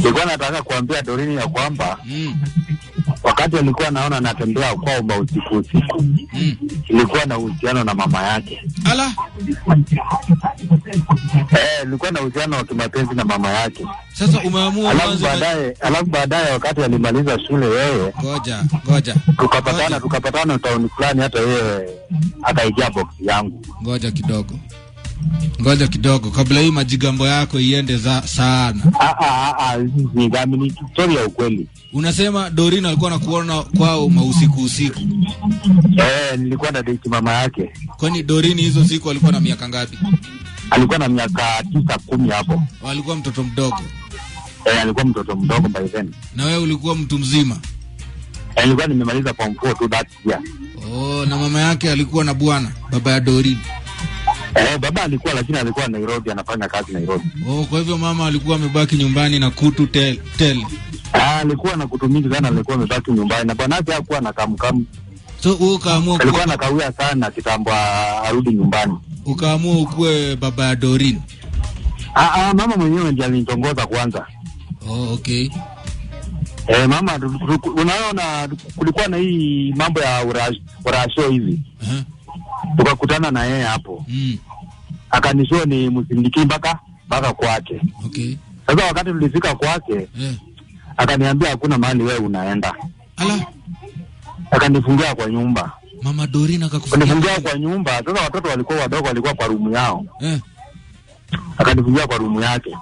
Nilikuwa nataka kuambia Dorini ya kwamba mm. wakati alikuwa naona natembea kwamba usiku usiku mm. ilikuwa na uhusiano na mama yake ala, eh, ilikuwa na uhusiano wa kimapenzi na mama yake. Sasa umeamua baadaye, alafu baadaye wakati alimaliza shule yeye, ngoja ngoja, tukapatana tukapatana tauni fulani, hata yeye akaijia box yangu, ngoja kidogo Ngoja kidogo kabla hii majigambo yako iende za sana. Ah ah ah, ah ni story ya ukweli. Unasema Dorina alikuwa anakuona kwao mausiku usiku. Eh, nilikuwa na date mama yake. Kwani Dorini hizo siku alikuwa na miaka ngapi? Alikuwa na miaka tisa kumi hapo. Oh, alikuwa mtoto mdogo. Eh, alikuwa mtoto mdogo by then. Na wewe ulikuwa mtu mzima? Eh, nilikuwa nimemaliza form 4 tu that year. Oh, na mama yake alikuwa na bwana, baba ya Dorini. Eh, baba alikuwa lakini alikuwa Nairobi anafanya kazi Nairobi. Oh, kwa hivyo mama alikuwa amebaki nyumbani na kutu tel tel. Ah, alikuwa na kutu mingi sana, alikuwa amebaki nyumbani na bwana yake hakuwa na kamkamu. So kaamua ukaamua alikuwa anakawia sana kitambo arudi nyumbani. Ukaamua ukuwe baba ya Dorin. Ah, ah, mama mwenyewe ndiye alinitongoza kwanza. Oh, okay. Eh, mama unaona kulikuwa na hii mambo ya urasho hivi. Uh -huh. Tukakutana na yeye hapo. Mm akanishiwa ni msindiki mpaka mpaka kwake. Okay. Sasa wakati tulifika kwake yeah. Akaniambia hakuna mahali wewe unaenda. Ala. Akanifungia kwa nyumba. Mama Dorina akakufungia kwa nyumba. Sasa watoto walikuwa wadogo, walikuwa kwa rumu yao. Yeah. Akanifungia kwa rumu yake.